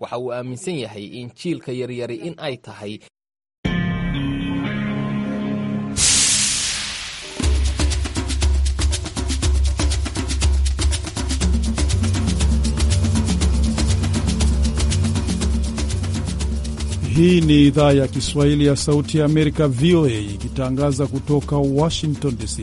waxa uu aaminsan yahay in jiilka yaryari in ay tahay Hii ni idhaa ya Kiswahili ya Sauti ya Amerika, VOA, ikitangaza kutoka Washington DC.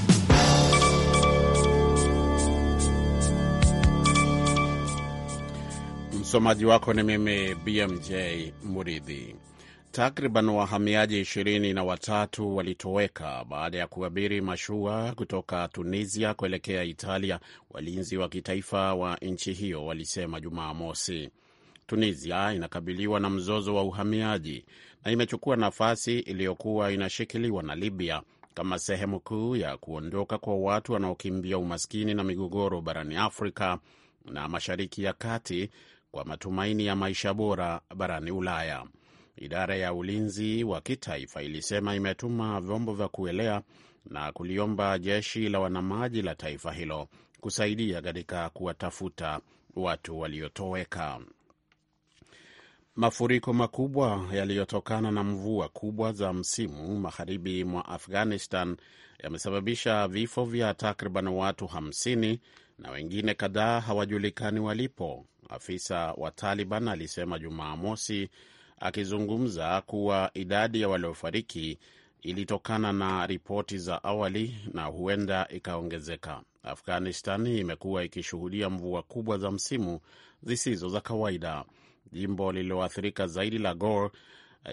Msomaji wako ni mimi BMJ Muridhi. Takriban wahamiaji ishirini na watatu walitoweka baada ya kuabiri mashua kutoka Tunisia kuelekea Italia, walinzi wa kitaifa wa nchi hiyo walisema Jumamosi. Tunisia inakabiliwa na mzozo wa uhamiaji na imechukua nafasi iliyokuwa inashikiliwa na Libya kama sehemu kuu ya kuondoka kwa watu wanaokimbia umaskini na migogoro barani Afrika na Mashariki ya Kati kwa matumaini ya maisha bora barani Ulaya. Idara ya ulinzi wa kitaifa ilisema imetuma vyombo vya kuelea na kuliomba jeshi la wanamaji la taifa hilo kusaidia katika kuwatafuta watu waliotoweka. Mafuriko makubwa yaliyotokana na mvua kubwa za msimu magharibi mwa Afghanistan yamesababisha vifo vya takriban watu 50 na wengine kadhaa hawajulikani walipo, afisa wa Taliban alisema Jumamosi akizungumza kuwa idadi ya waliofariki ilitokana na ripoti za awali na huenda ikaongezeka. Afghanistan imekuwa ikishuhudia mvua kubwa za msimu zisizo za kawaida. Jimbo lililoathirika zaidi la Gor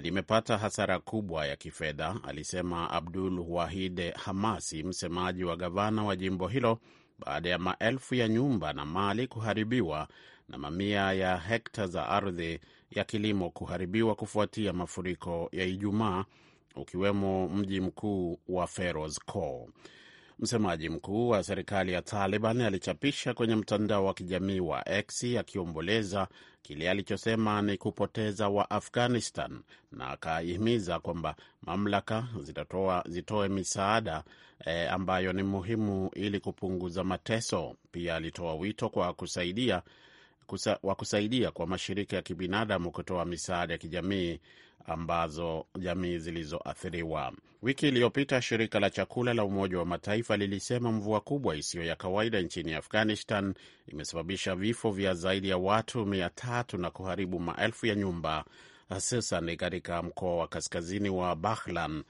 limepata hasara kubwa ya kifedha, alisema Abdul Wahid Hamasi, msemaji wa gavana wa jimbo hilo baada ya maelfu ya nyumba na mali kuharibiwa na mamia ya hekta za ardhi ya kilimo kuharibiwa kufuatia mafuriko ya Ijumaa, ukiwemo mji mkuu wa Feroz Kor. Msemaji mkuu wa serikali ya Taliban alichapisha kwenye mtandao wa kijamii wa X akiomboleza kile alichosema ni kupoteza wa Afghanistan na akahimiza kwamba mamlaka zitatoa, zitoe misaada e, ambayo ni muhimu ili kupunguza mateso. Pia alitoa wito kwa kusaidia, kusa, wa kusaidia kwa mashirika ya kibinadamu kutoa misaada ya kijamii ambazo jamii zilizoathiriwa. Wiki iliyopita shirika la chakula la Umoja wa Mataifa lilisema mvua kubwa isiyo ya kawaida nchini Afghanistan imesababisha vifo vya zaidi ya watu mia tatu na kuharibu maelfu ya nyumba, hususan katika mkoa wa kaskazini wa Baghlan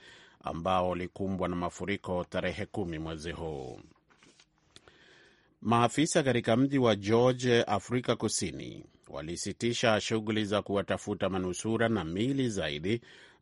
ambao ulikumbwa na mafuriko tarehe kumi mwezi huu. Maafisa katika mji wa George, Afrika Kusini, walisitisha shughuli za kuwatafuta manusura na mili zaidi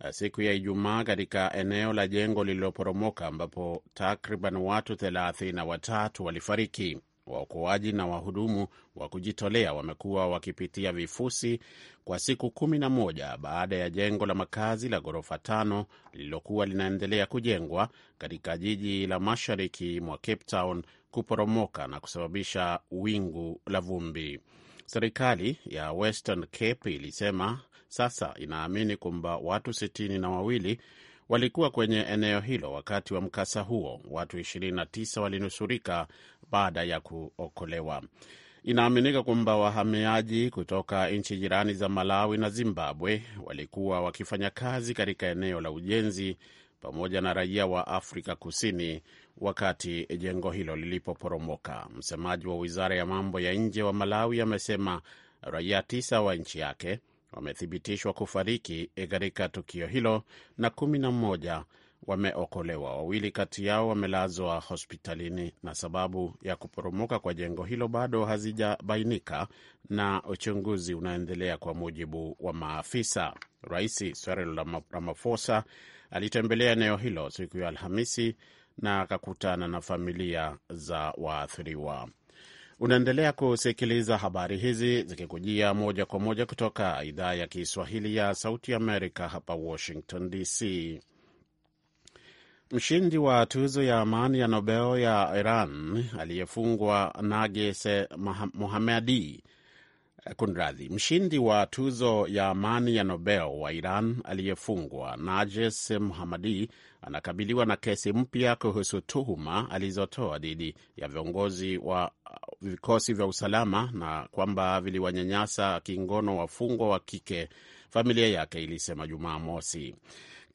eh, siku ya Ijumaa katika eneo la jengo lililoporomoka ambapo takriban watu thelathini na watatu walifariki. Waokoaji na wahudumu wa kujitolea wamekuwa wakipitia vifusi kwa siku kumi na moja baada ya jengo la makazi la ghorofa tano lililokuwa linaendelea kujengwa katika jiji la mashariki mwa Cape Town kuporomoka na kusababisha wingu la vumbi. Serikali ya Western Cape ilisema sasa inaamini kwamba watu sitini na wawili walikuwa kwenye eneo hilo wakati wa mkasa huo. Watu 29 walinusurika baada ya kuokolewa. Inaaminika kwamba wahamiaji kutoka nchi jirani za Malawi na Zimbabwe walikuwa wakifanya kazi katika eneo la ujenzi pamoja na raia wa Afrika Kusini wakati jengo hilo lilipoporomoka. Msemaji wa wizara ya mambo ya nje wa Malawi amesema raia tisa wa nchi yake wamethibitishwa kufariki katika tukio hilo na kumi na mmoja wameokolewa. Wawili kati yao wamelazwa hospitalini, na sababu ya kuporomoka kwa jengo hilo bado hazijabainika na uchunguzi unaendelea, kwa mujibu wa maafisa. Rais Cyril Ramaphosa Alitembelea eneo hilo siku ya Alhamisi na akakutana na familia za waathiriwa. Unaendelea kusikiliza habari hizi zikikujia moja kwa moja kutoka idhaa ya Kiswahili ya Sauti Amerika, hapa Washington DC. Mshindi wa tuzo ya amani ya Nobel ya Iran aliyefungwa nagese Mohammadi Kunradhi, mshindi wa tuzo ya amani ya Nobel wa Iran aliyefungwa Najes Muhamadi anakabiliwa na kesi mpya kuhusu tuhuma alizotoa dhidi ya viongozi wa vikosi vya usalama na kwamba viliwanyanyasa kingono wafungwa wa kike, familia yake ilisema Jumaa mosi.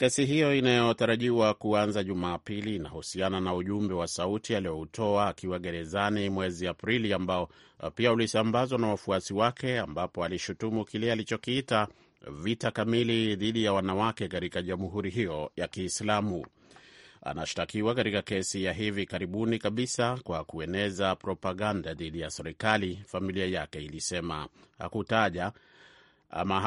Kesi hiyo inayotarajiwa kuanza Jumapili inahusiana na ujumbe wa sauti aliyoutoa akiwa gerezani mwezi Aprili, ambao pia ulisambazwa na wafuasi wake, ambapo alishutumu kile alichokiita vita kamili dhidi ya wanawake katika jamhuri hiyo ya Kiislamu. Anashtakiwa katika kesi ya hivi karibuni kabisa kwa kueneza propaganda dhidi ya serikali, familia yake ilisema. Hakutaja ama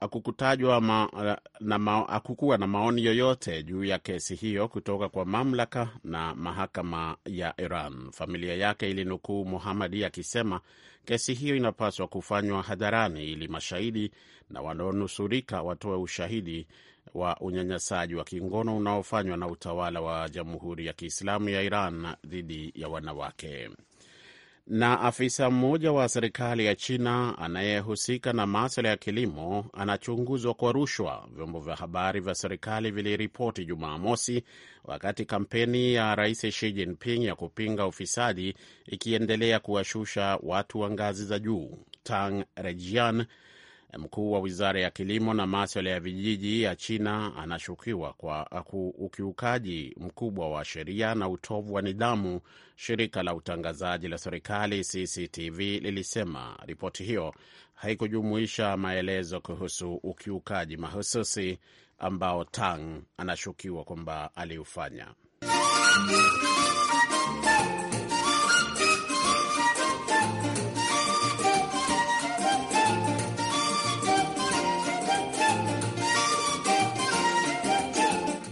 hakukutajwa ma, na ma, hakukuwa na maoni yoyote juu ya kesi hiyo kutoka kwa mamlaka na mahakama ya Iran. Familia yake ilinukuu muhamadi akisema kesi hiyo inapaswa kufanywa hadharani ili mashahidi na wanaonusurika watoe ushahidi wa unyanyasaji wa kingono unaofanywa na utawala wa Jamhuri ya Kiislamu ya Iran dhidi ya wanawake na afisa mmoja wa serikali ya China anayehusika na maswala ya kilimo anachunguzwa kwa rushwa, vyombo vya habari vya serikali viliripoti Jumamosi, wakati kampeni ya Rais Xi Jinping ya kupinga ufisadi ikiendelea kuwashusha watu wa ngazi za juu. Tang Rejian Mkuu wa wizara ya kilimo na maswala ya vijiji ya China anashukiwa kwa ukiukaji mkubwa wa sheria na utovu wa nidhamu, shirika la utangazaji la serikali CCTV lilisema. Ripoti hiyo haikujumuisha maelezo kuhusu ukiukaji mahususi ambao Tang anashukiwa kwamba aliufanya.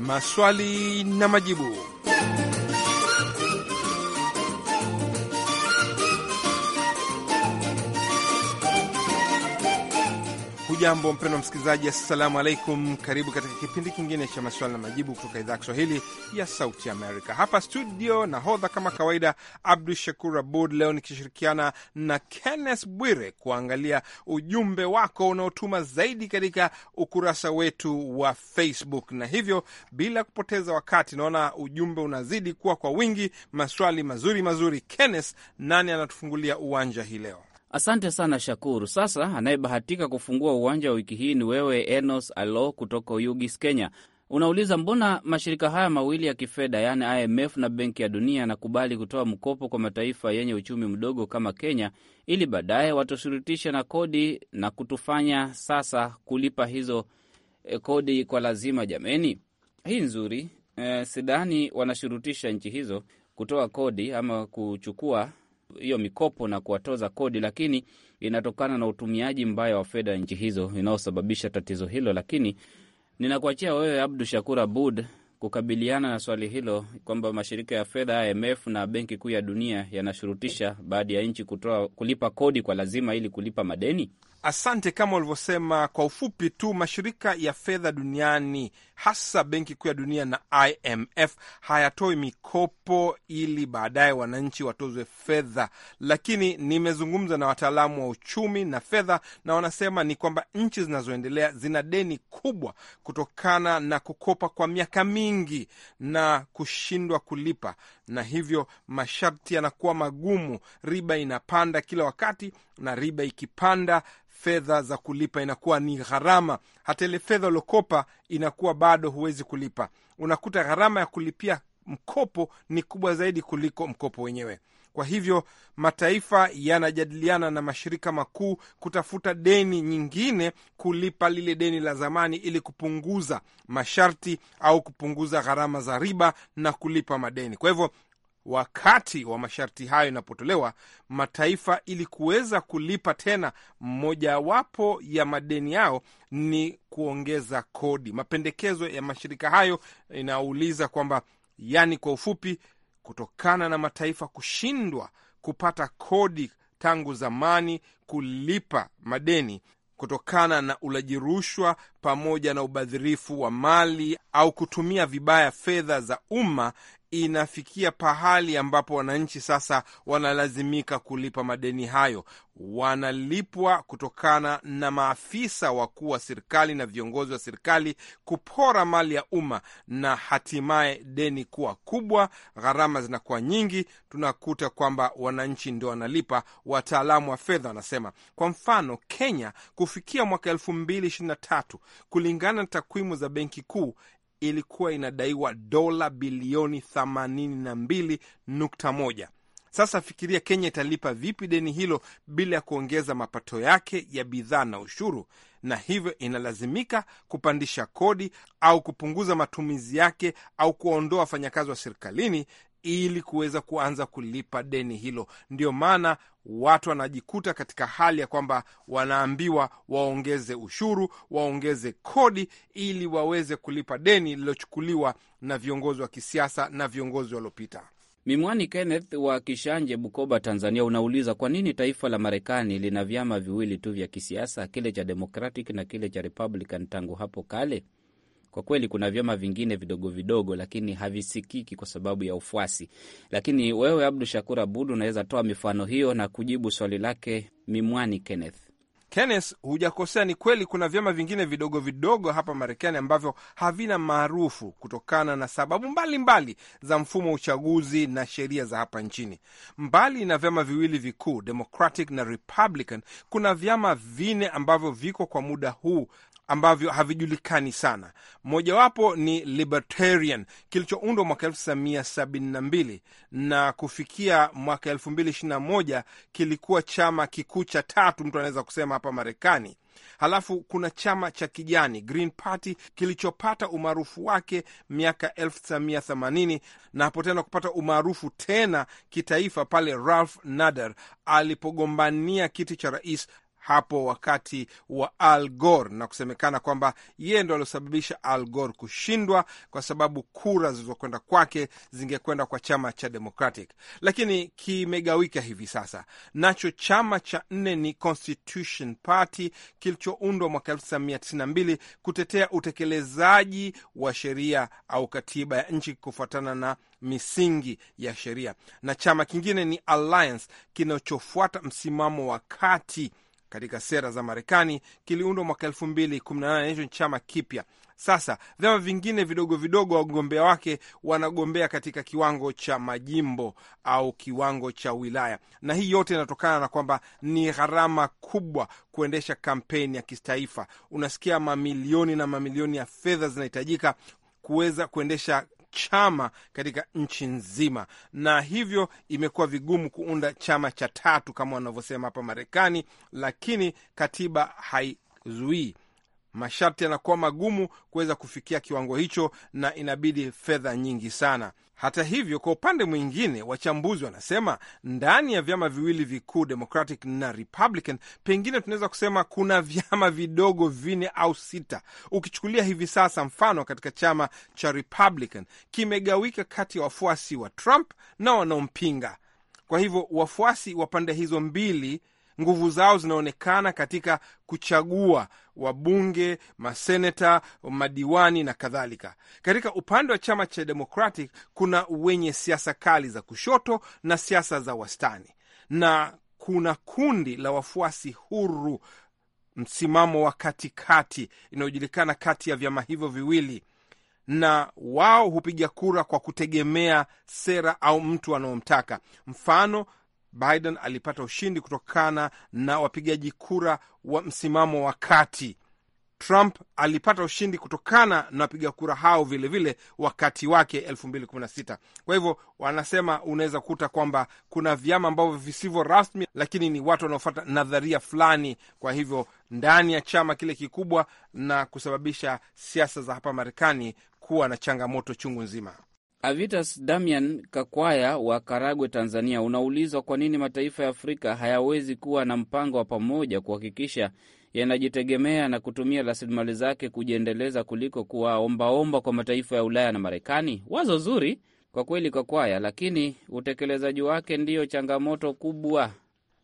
maswali na majibu. Hujambo mpendwa msikilizaji, assalamu alaikum. Karibu katika kipindi kingine cha maswali na majibu kutoka idhaa ya Kiswahili ya Sauti Amerika. Hapa studio nahodha kama kawaida, Abdu Shakur Abud, leo nikishirikiana na Kenneth Bwire kuangalia ujumbe wako unaotuma zaidi katika ukurasa wetu wa Facebook. Na hivyo bila kupoteza wakati, naona ujumbe unazidi kuwa kwa wingi, maswali mazuri mazuri. Kenneth, nani anatufungulia uwanja hii leo? Asante sana Shakuru. Sasa anayebahatika kufungua uwanja wa wiki hii ni wewe Enos Alo kutoka Ugis, Kenya. Unauliza, mbona mashirika haya mawili ya kifedha yaani IMF na Benki ya Dunia yanakubali kutoa mkopo kwa mataifa yenye uchumi mdogo kama Kenya ili baadaye watushurutishe na kodi na kutufanya sasa kulipa hizo eh, kodi kwa lazima? Jameni, hii nzuri E, sidhani wanashurutisha nchi hizo kutoa kodi ama kuchukua hiyo mikopo na kuwatoza kodi, lakini inatokana na utumiaji mbaya wa fedha nchi hizo inayosababisha tatizo hilo. Lakini ninakuachia wewe Abdu Shakur Abud kukabiliana na swali hilo kwamba mashirika ya fedha IMF na Benki Kuu ya Dunia yanashurutisha baadhi ya nchi kutoa kulipa kodi kwa lazima ili kulipa madeni. Asante. Kama ulivyosema, kwa ufupi tu, mashirika ya fedha duniani hasa Benki Kuu ya Dunia na IMF hayatoi mikopo ili baadaye wananchi watozwe fedha, lakini nimezungumza na wataalamu wa uchumi na fedha na wanasema ni kwamba nchi zinazoendelea zina deni kubwa kutokana na kukopa kwa miaka mingi na kushindwa kulipa, na hivyo masharti yanakuwa magumu, riba inapanda kila wakati, na riba ikipanda fedha za kulipa inakuwa ni gharama. Hata ile fedha uliokopa inakuwa bado huwezi kulipa, unakuta gharama ya kulipia mkopo ni kubwa zaidi kuliko mkopo wenyewe. Kwa hivyo mataifa yanajadiliana na mashirika makuu kutafuta deni nyingine kulipa lile deni la zamani, ili kupunguza masharti au kupunguza gharama za riba na kulipa madeni. Kwa hivyo wakati wa masharti hayo inapotolewa mataifa ili kuweza kulipa tena, mojawapo ya madeni yao ni kuongeza kodi. Mapendekezo ya mashirika hayo inauliza kwamba, yani kwa ufupi, kutokana na mataifa kushindwa kupata kodi tangu zamani kulipa madeni kutokana na ulaji rushwa pamoja na ubadhirifu wa mali au kutumia vibaya fedha za umma, inafikia pahali ambapo wananchi sasa wanalazimika kulipa madeni hayo. Wanalipwa kutokana na maafisa wakuu wa serikali na viongozi wa serikali kupora mali ya umma, na hatimaye deni kuwa kubwa, gharama zinakuwa nyingi, tunakuta kwamba wananchi ndio wanalipa. Wataalamu wa fedha wanasema, kwa mfano Kenya, kufikia mwaka elfu mbili ishirini na tatu kulingana na takwimu za Benki Kuu, ilikuwa inadaiwa dola bilioni 82.1. Sasa fikiria Kenya italipa vipi deni hilo bila ya kuongeza mapato yake ya bidhaa na ushuru, na hivyo inalazimika kupandisha kodi au kupunguza matumizi yake au kuwaondoa wafanyakazi wa serikalini ili kuweza kuanza kulipa deni hilo. Ndio maana watu wanajikuta katika hali ya kwamba wanaambiwa waongeze ushuru, waongeze kodi ili waweze kulipa deni lililochukuliwa na viongozi wa kisiasa na viongozi waliopita. Mimwani Kenneth wa Kishanje, Bukoba, Tanzania, unauliza kwa nini taifa la Marekani lina vyama viwili tu vya kisiasa, kile cha Democratic na kile cha Republican tangu hapo kale? Kwa kweli kuna vyama vingine vidogo vidogo, lakini havisikiki kwa sababu ya ufuasi. Lakini wewe Abdu Shakur Abud unaweza toa mifano hiyo na kujibu swali lake Mimwani Kenneth. Kenneth, hujakosea. Ni kweli kuna vyama vingine vidogo vidogo hapa Marekani ambavyo havina maarufu kutokana na sababu mbalimbali mbali za mfumo wa uchaguzi na sheria za hapa nchini. Mbali na vyama viwili vikuu Democratic na Republican, kuna vyama vine ambavyo viko kwa muda huu ambavyo havijulikani sana. Mojawapo ni Libertarian kilichoundwa mwaka 1972 na kufikia mwaka 2021 kilikuwa chama kikuu cha tatu, mtu anaweza kusema hapa Marekani. Halafu kuna chama cha kijani Green Party kilichopata umaarufu wake miaka 1980 na hapo tena kupata umaarufu tena kitaifa pale Ralph Nader alipogombania kiti cha rais hapo wakati wa Al Gore na kusemekana kwamba yeye ndo aliosababisha Al Gore kushindwa kwa sababu kura zilizokwenda kwake zingekwenda kwa chama cha Democratic, lakini kimegawika hivi sasa. Nacho chama cha nne ni Constitution Party kilichoundwa mwaka 1992 kutetea utekelezaji wa sheria au katiba ya nchi kufuatana na misingi ya sheria, na chama kingine ni Alliance kinachofuata msimamo wa kati katika sera za Marekani kiliundwa mwaka elfu mbili kumi na nane hicho ni chama kipya. Sasa vyama vingine vidogo vidogo, wagombea wake wanagombea katika kiwango cha majimbo au kiwango cha wilaya, na hii yote inatokana na kwamba ni gharama kubwa kuendesha kampeni ya kitaifa. Unasikia mamilioni na mamilioni ya fedha zinahitajika kuweza kuendesha chama katika nchi nzima, na hivyo imekuwa vigumu kuunda chama cha tatu kama wanavyosema hapa Marekani, lakini katiba haizuii masharti yanakuwa magumu kuweza kufikia kiwango hicho, na inabidi fedha nyingi sana. Hata hivyo, kwa upande mwingine, wachambuzi wanasema ndani ya vyama viwili vikuu Democratic na Republican, pengine tunaweza kusema kuna vyama vidogo vinne au sita. Ukichukulia hivi sasa, mfano katika chama cha Republican kimegawika kati ya wafuasi wa Trump na wanaompinga. Kwa hivyo wafuasi wa pande hizo mbili nguvu zao zinaonekana katika kuchagua wabunge, maseneta, madiwani na kadhalika. Katika upande wa chama cha Democratic kuna wenye siasa kali za kushoto na siasa za wastani, na kuna kundi la wafuasi huru, msimamo wa katikati inayojulikana kati ya vyama hivyo viwili na wao hupiga kura kwa kutegemea sera au mtu anaomtaka. Mfano, Biden alipata ushindi kutokana na wapigaji kura wa msimamo wa kati. Trump alipata ushindi kutokana na wapiga kura hao vilevile vile wakati wake 2016. Kwa hivyo wanasema unaweza kukuta kwamba kuna vyama ambavyo visivyo rasmi, lakini ni watu wanaofuata nadharia fulani, kwa hivyo ndani ya chama kile kikubwa, na kusababisha siasa za hapa Marekani kuwa na changamoto chungu nzima. Avitas Damian Kakwaya wa Karagwe, Tanzania, unaulizwa kwa nini mataifa ya Afrika hayawezi kuwa na mpango wa pamoja kuhakikisha yanajitegemea na kutumia rasilimali zake kujiendeleza kuliko kuwa ombaomba kwa mataifa ya Ulaya na Marekani. Wazo zuri kwa kweli, Kakwaya, lakini utekelezaji wake ndiyo changamoto kubwa.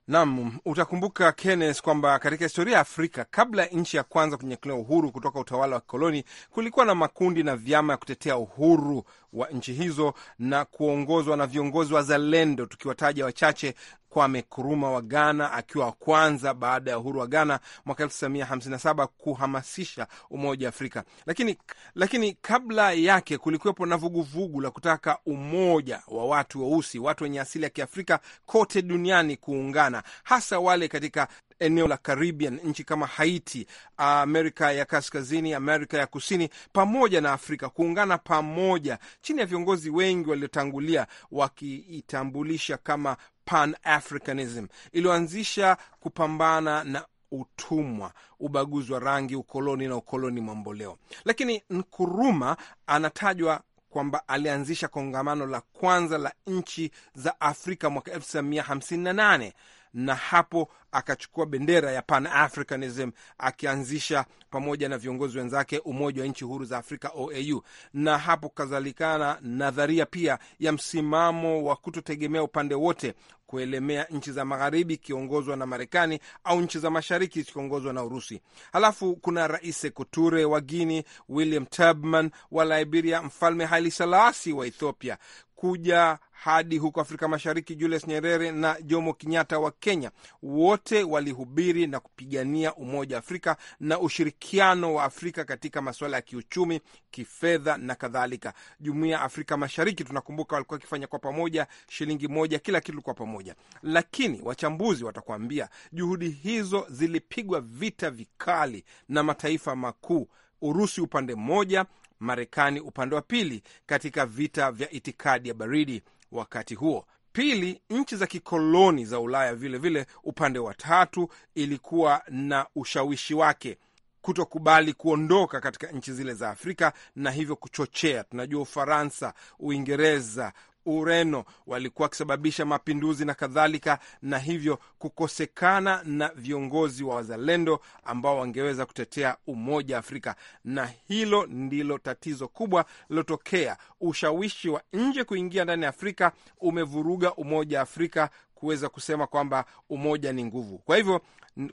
Nam, utakumbuka Kennes, kwamba katika historia ya Afrika kabla ya nchi ya kwanza kunyakuliwa uhuru kutoka utawala wa kikoloni, kulikuwa na makundi na vyama ya kutetea uhuru wa nchi hizo na kuongozwa na viongozi wa zalendo tukiwataja wachache Kwame Kuruma wa Ghana akiwa wa kwanza baada ya uhuru wa Ghana mwaka 1957 kuhamasisha umoja wa Afrika. Lakini, lakini kabla yake kulikuwepo na vuguvugu la kutaka umoja wa watu weusi wa watu wenye asili ya Kiafrika kote duniani kuungana, hasa wale katika eneo la Caribbean, nchi kama Haiti, Amerika ya Kaskazini, Amerika ya Kusini pamoja na Afrika kuungana pamoja chini ya viongozi wengi waliotangulia wakiitambulisha kama Pan-Africanism iliyoanzisha kupambana na utumwa, ubaguzi wa rangi, ukoloni na ukoloni mamboleo. Lakini Nkuruma anatajwa kwamba alianzisha kongamano la kwanza la nchi za Afrika mwaka 1958 na hapo akachukua bendera ya Pan Africanism akianzisha pamoja na viongozi wenzake Umoja wa Nchi Huru za Afrika, OAU, na hapo kazalikana nadharia pia ya msimamo wa kutotegemea upande wote kuelemea nchi za magharibi ikiongozwa na Marekani au nchi za mashariki zikiongozwa na Urusi. Halafu kuna Rais Kuture wa Guini, William Tubman wa Liberia, Mfalme Haile Selassie wa Ethiopia kuja hadi huko Afrika Mashariki, Julius Nyerere na Jomo Kenyatta wa Kenya, wote walihubiri na kupigania umoja wa Afrika na ushirikiano wa Afrika katika masuala ya kiuchumi, kifedha na kadhalika. jumuia ya Afrika Mashariki, tunakumbuka walikuwa wakifanya kwa pamoja, shilingi moja, kila kitu kwa pamoja. Lakini wachambuzi watakuambia juhudi hizo zilipigwa vita vikali na mataifa makuu, Urusi upande mmoja, Marekani upande wa pili, katika vita vya itikadi ya baridi wakati huo. Pili, nchi za kikoloni za Ulaya vilevile vile, upande wa tatu ilikuwa na ushawishi wake kutokubali kuondoka katika nchi zile za Afrika na hivyo kuchochea. Tunajua Ufaransa, Uingereza, Ureno walikuwa wakisababisha mapinduzi na kadhalika, na hivyo kukosekana na viongozi wa wazalendo ambao wangeweza kutetea umoja wa Afrika. Na hilo ndilo tatizo kubwa lilotokea. Ushawishi wa nje kuingia ndani ya Afrika umevuruga umoja wa Afrika kuweza kusema kwamba umoja ni nguvu. Kwa hivyo,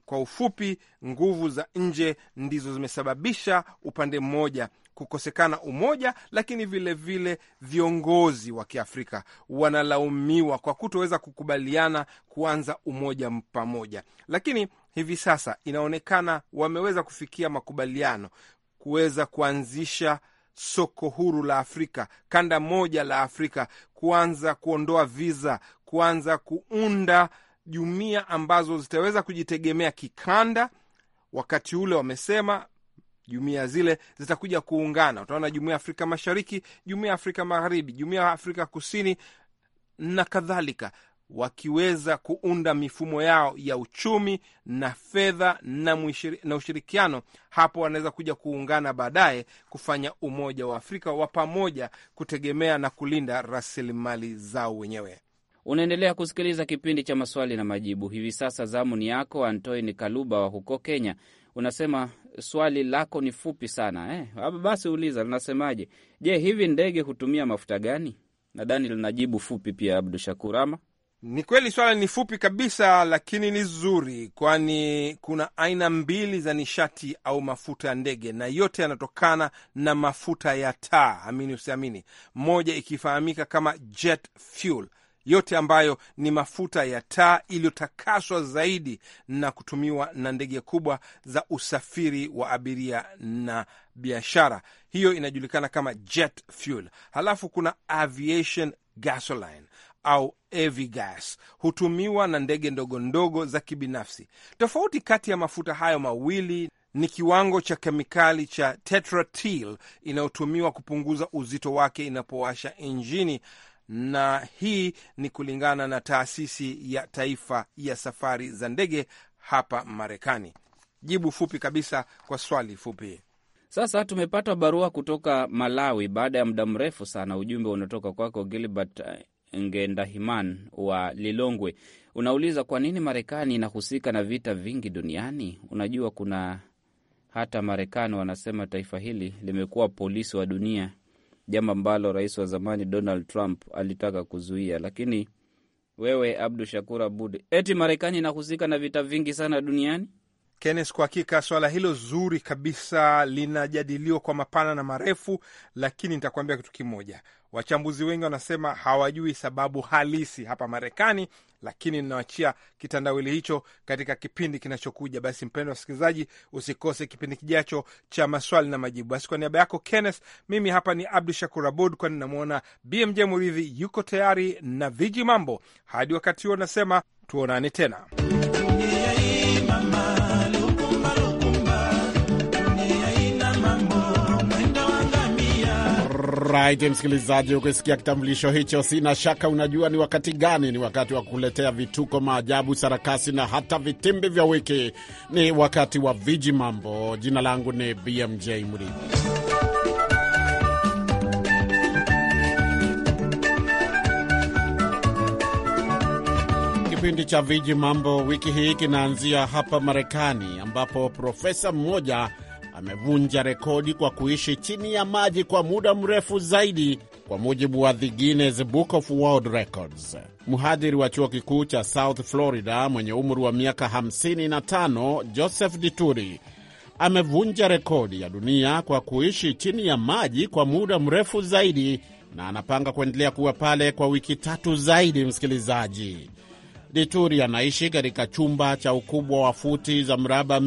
kwa ufupi, nguvu za nje ndizo zimesababisha upande mmoja kukosekana umoja, lakini vilevile vile viongozi wa Kiafrika wanalaumiwa kwa kutoweza kukubaliana kuanza umoja pamoja, lakini hivi sasa inaonekana wameweza kufikia makubaliano kuweza kuanzisha soko huru la Afrika, kanda moja la Afrika, kuanza kuondoa viza, kuanza kuunda jumuiya ambazo zitaweza kujitegemea kikanda. Wakati ule wamesema jumuia zile zitakuja kuungana. Utaona jumuia ya Afrika Mashariki, jumuia ya Afrika Magharibi, jumuia ya Afrika Kusini na kadhalika, wakiweza kuunda mifumo yao ya uchumi na fedha na ushirikiano, hapo wanaweza kuja kuungana baadaye kufanya umoja wa Afrika wa pamoja, kutegemea na kulinda rasilimali zao wenyewe. Unaendelea kusikiliza kipindi cha maswali na majibu. Hivi sasa zamu ni yako Antoine Kaluba wa huko Kenya unasema swali lako ni fupi sana eh? Basi uliza linasemaje? Je, hivi ndege hutumia mafuta gani? Nadhani linajibu fupi pia, Abdu Shakur. Ama ni kweli swala ni fupi kabisa, lakini ni zuri, kwani kuna aina mbili za nishati au mafuta ya ndege, na yote yanatokana na mafuta ya taa, amini usiamini, moja ikifahamika kama jet fuel yote ambayo ni mafuta ya taa iliyotakaswa zaidi na kutumiwa na ndege kubwa za usafiri wa abiria na biashara. Hiyo inajulikana kama jet fuel. Halafu kuna aviation gasoline au avgas hutumiwa na ndege ndogo ndogo za kibinafsi. Tofauti kati ya mafuta hayo mawili ni kiwango cha kemikali cha tetratil inayotumiwa kupunguza uzito wake inapowasha injini na hii ni kulingana na taasisi ya taifa ya safari za ndege hapa Marekani. Jibu fupi kabisa kwa swali fupi. Sasa tumepata barua kutoka Malawi baada ya muda mrefu sana. Ujumbe unatoka kwako Gilbert Ngendahiman wa Lilongwe, unauliza kwa nini Marekani inahusika na vita vingi duniani. Unajua, kuna hata Marekani wanasema taifa hili limekuwa polisi wa dunia jambo ambalo rais wa zamani Donald Trump alitaka kuzuia. Lakini wewe Abdu Shakur Abud, eti Marekani inahusika na vita vingi sana duniani? Kennes, kwa hakika swala hilo zuri kabisa linajadiliwa kwa mapana na marefu, lakini nitakuambia kitu kimoja. Wachambuzi wengi wanasema hawajui sababu halisi hapa Marekani, lakini ninaachia kitandawili hicho katika kipindi kinachokuja. Basi mpendwa msikilizaji, usikose kipindi kijacho cha maswali na majibu. Basi kwa niaba yako Kenneth, mimi hapa ni Abdu Shakur Abud, kwani namwona BMJ Muridhi yuko tayari na viji mambo. Hadi wakati huo, nasema tuonane tena. Alright, msikilizaji, ukisikia kitambulisho hicho, sina shaka unajua ni wakati gani. Ni wakati wa kuletea vituko, maajabu, sarakasi na hata vitimbi vya wiki. Ni wakati wa viji mambo. Jina langu ni BMJ Mridhi. Kipindi cha viji mambo wiki hii kinaanzia hapa Marekani, ambapo profesa mmoja amevunja rekodi kwa kuishi chini ya maji kwa muda mrefu zaidi kwa mujibu wa The Guinness Book of World Records. Mhadhiri wa chuo kikuu cha South Florida mwenye umri wa miaka 55 Joseph Dituri amevunja rekodi ya dunia kwa kuishi chini ya maji kwa muda mrefu zaidi na anapanga kuendelea kuwa pale kwa wiki tatu zaidi. Msikilizaji, Dituri anaishi katika chumba cha ukubwa wa futi za mraba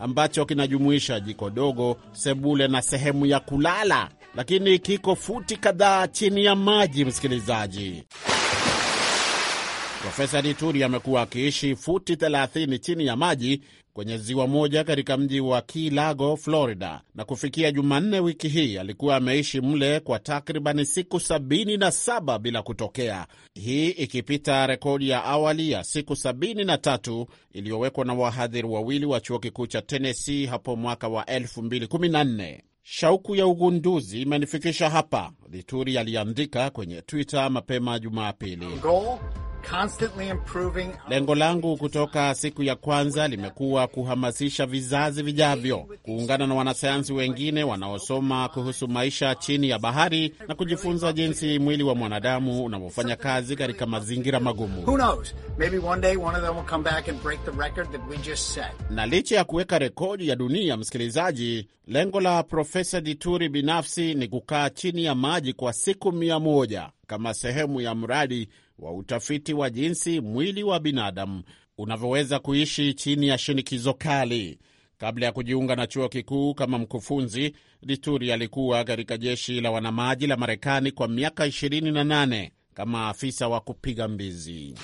ambacho kinajumuisha jiko dogo, sebule na sehemu ya kulala, lakini kiko futi kadhaa chini ya maji, msikilizaji. Profesa Dituri amekuwa akiishi futi 30 chini ya maji kwenye ziwa moja katika mji wa Key Largo, Florida, na kufikia Jumanne wiki hii alikuwa ameishi mle kwa takribani siku 77 bila kutokea, hii ikipita rekodi ya awali ya siku 73 iliyowekwa na wahadhiri wawili wa chuo kikuu cha Tennessee hapo mwaka wa 2014. Shauku ya ugunduzi imenifikisha hapa, Dituri aliandika kwenye Twitter mapema Jumapili. Lengo langu kutoka siku ya kwanza limekuwa kuhamasisha vizazi vijavyo kuungana na wanasayansi wengine wanaosoma kuhusu maisha chini ya bahari na kujifunza jinsi mwili wa mwanadamu unavyofanya kazi katika mazingira magumu. Na licha ya kuweka rekodi ya dunia, msikilizaji, lengo la Profesa Dituri binafsi ni kukaa chini ya maji kwa siku mia moja kama sehemu ya mradi wa utafiti wa jinsi mwili wa binadamu unavyoweza kuishi chini ya shinikizo kali. Kabla ya kujiunga na chuo kikuu kama mkufunzi, dituri alikuwa katika jeshi la wanamaji la Marekani kwa miaka 28 kama afisa wa kupiga mbizi.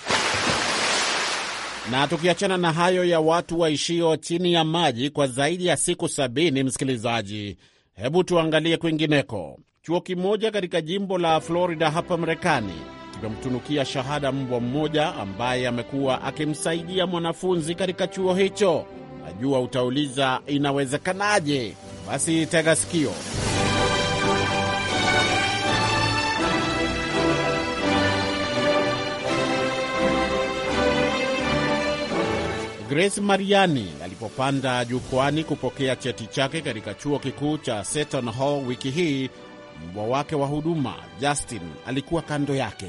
Na tukiachana na hayo ya watu waishio chini ya maji kwa zaidi ya siku sabini, msikilizaji, hebu tuangalie kwingineko. Chuo kimoja katika jimbo la Florida hapa Marekani kimemtunukia shahada mbwa mmoja ambaye amekuwa akimsaidia mwanafunzi katika chuo hicho. Najua utauliza inawezekanaje? Basi tega sikio. Grace Mariani alipopanda jukwani kupokea cheti chake katika chuo kikuu cha Seton Hall wiki hii mbwa wake wa huduma Justin alikuwa kando yake.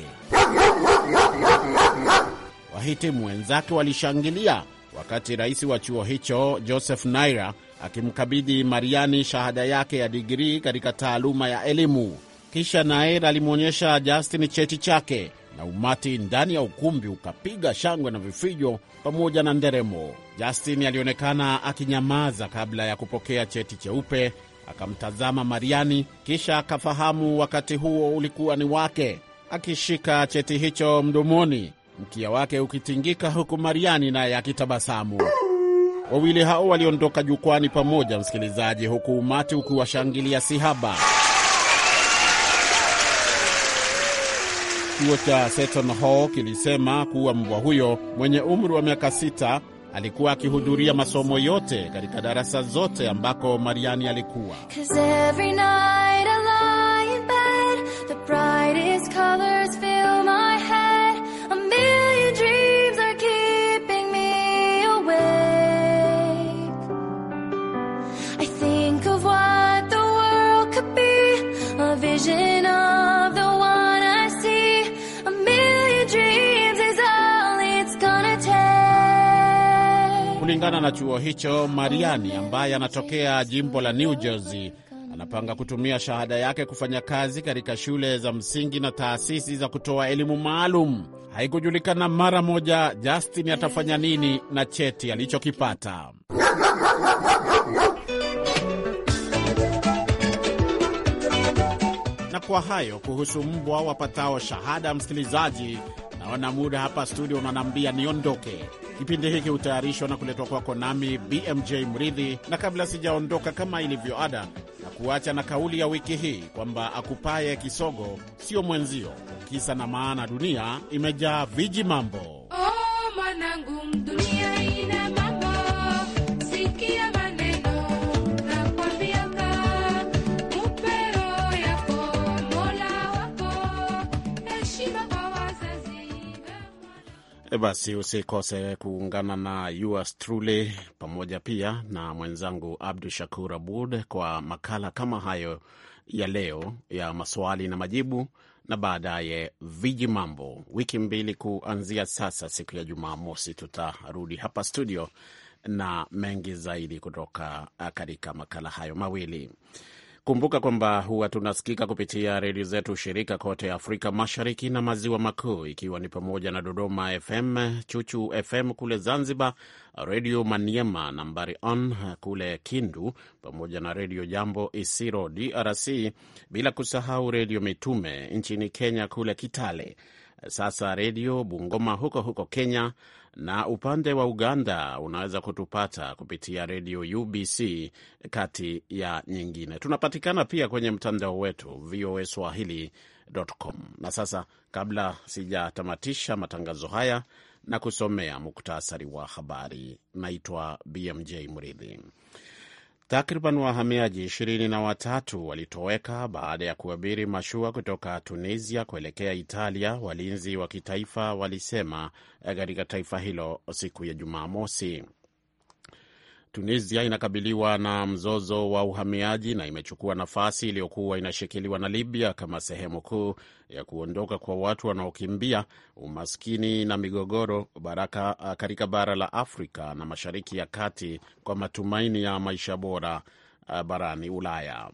Wahitimu wenzake walishangilia wakati rais wa chuo hicho Joseph Naira akimkabidhi Mariani shahada yake ya digrii katika taaluma ya elimu. Kisha Naira alimwonyesha Justin cheti chake na umati ndani ya ukumbi ukapiga shangwe na vifijo pamoja na nderemo. Justin alionekana akinyamaza kabla ya kupokea cheti cheupe akamtazama Mariani, kisha akafahamu wakati huo ulikuwa ni wake. Akishika cheti hicho mdomoni, mkia wake ukitingika, huku Mariani naye akitabasamu. Wawili hao waliondoka jukwani pamoja, msikilizaji, huku umati ukiwashangilia sihaba. Chuo cha Seton Hall kilisema kuwa mbwa huyo mwenye umri wa miaka sita alikuwa akihudhuria masomo yote katika darasa zote ambako Mariani alikuwa. Kulingana na chuo hicho, Mariani ambaye anatokea jimbo la New Jersey anapanga kutumia shahada yake kufanya kazi katika shule za msingi na taasisi za kutoa elimu maalum. Haikujulikana mara moja Justin atafanya nini na cheti alichokipata. na kwa hayo kuhusu mbwa wapatao shahada, msikilizaji Naona muda hapa studio unanaambia niondoke. Kipindi hiki hutayarishwa na kuletwa kwako nami BMJ Mridhi, na kabla sijaondoka, kama ilivyo ada, na kuacha na kauli ya wiki hii kwamba akupaye kisogo sio mwenzio. Kisa na maana, dunia imejaa viji mambo. Oh, dunia Eh, basi usikose kuungana na yours truly pamoja pia na mwenzangu Abdu Shakur Abud kwa makala kama hayo ya leo ya maswali na majibu, na baadaye viji mambo. Wiki mbili kuanzia sasa, siku ya Jumamosi tutarudi hapa studio na mengi zaidi kutoka eh, katika makala hayo mawili. Kumbuka kwamba huwa tunasikika kupitia redio zetu shirika kote Afrika Mashariki na Maziwa Makuu, ikiwa ni pamoja na Dodoma FM, Chuchu FM kule Zanzibar, Redio Maniema nambari on kule Kindu, pamoja na Redio Jambo Isiro DRC, bila kusahau Redio Mitume nchini Kenya kule Kitale, sasa Redio Bungoma huko huko Kenya, na upande wa Uganda unaweza kutupata kupitia redio UBC kati ya nyingine. Tunapatikana pia kwenye mtandao wetu VOA Swahili.com. Na sasa kabla sijatamatisha matangazo haya na kusomea muktasari wa habari, naitwa BMJ Mridhi. Takriban wahamiaji ishirini na watatu walitoweka baada ya kuabiri mashua kutoka Tunisia kuelekea Italia, walinzi wa kitaifa walisema eh, katika taifa hilo siku ya Jumamosi. Tunisia inakabiliwa na mzozo wa uhamiaji na imechukua nafasi iliyokuwa inashikiliwa na Libya kama sehemu kuu ya kuondoka kwa watu wanaokimbia umaskini na migogoro baraka ah, katika bara la Afrika na Mashariki ya Kati kwa matumaini ya maisha bora ah, barani Ulaya.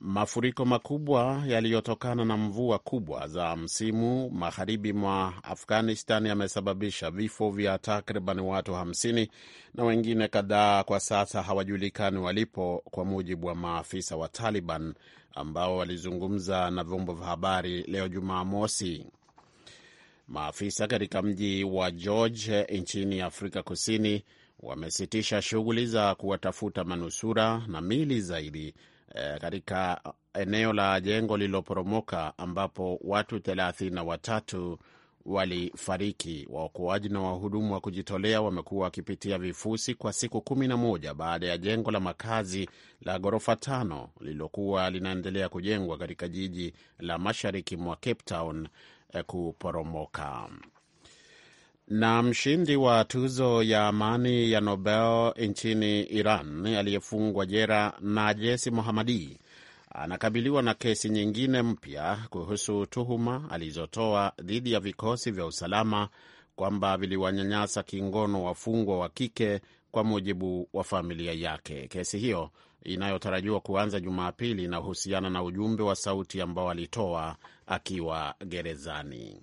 Mafuriko makubwa yaliyotokana na mvua kubwa za msimu magharibi mwa Afghanistan yamesababisha vifo vya takriban watu 50 na wengine kadhaa kwa sasa hawajulikani walipo, kwa mujibu wa maafisa wa Taliban ambao walizungumza na vyombo vya habari leo Jumamosi. Maafisa katika mji wa George nchini Afrika Kusini wamesitisha shughuli za kuwatafuta manusura na mili zaidi Eh, katika eneo la jengo lililoporomoka ambapo watu thelathini na watatu walifariki. Waokoaji na wahudumu wa kujitolea wamekuwa wakipitia vifusi kwa siku kumi na moja baada ya jengo la makazi la ghorofa tano lililokuwa linaendelea kujengwa katika jiji la mashariki mwa Cape Town eh, kuporomoka. Na mshindi wa tuzo ya amani ya Nobel nchini Iran aliyefungwa jela Najesi Mohammadi anakabiliwa na kesi nyingine mpya kuhusu tuhuma alizotoa dhidi ya vikosi vya usalama kwamba viliwanyanyasa kingono wafungwa wa kike, kwa mujibu wa familia yake. Kesi hiyo inayotarajiwa kuanza Jumapili inahusiana na ujumbe wa sauti ambao alitoa akiwa gerezani.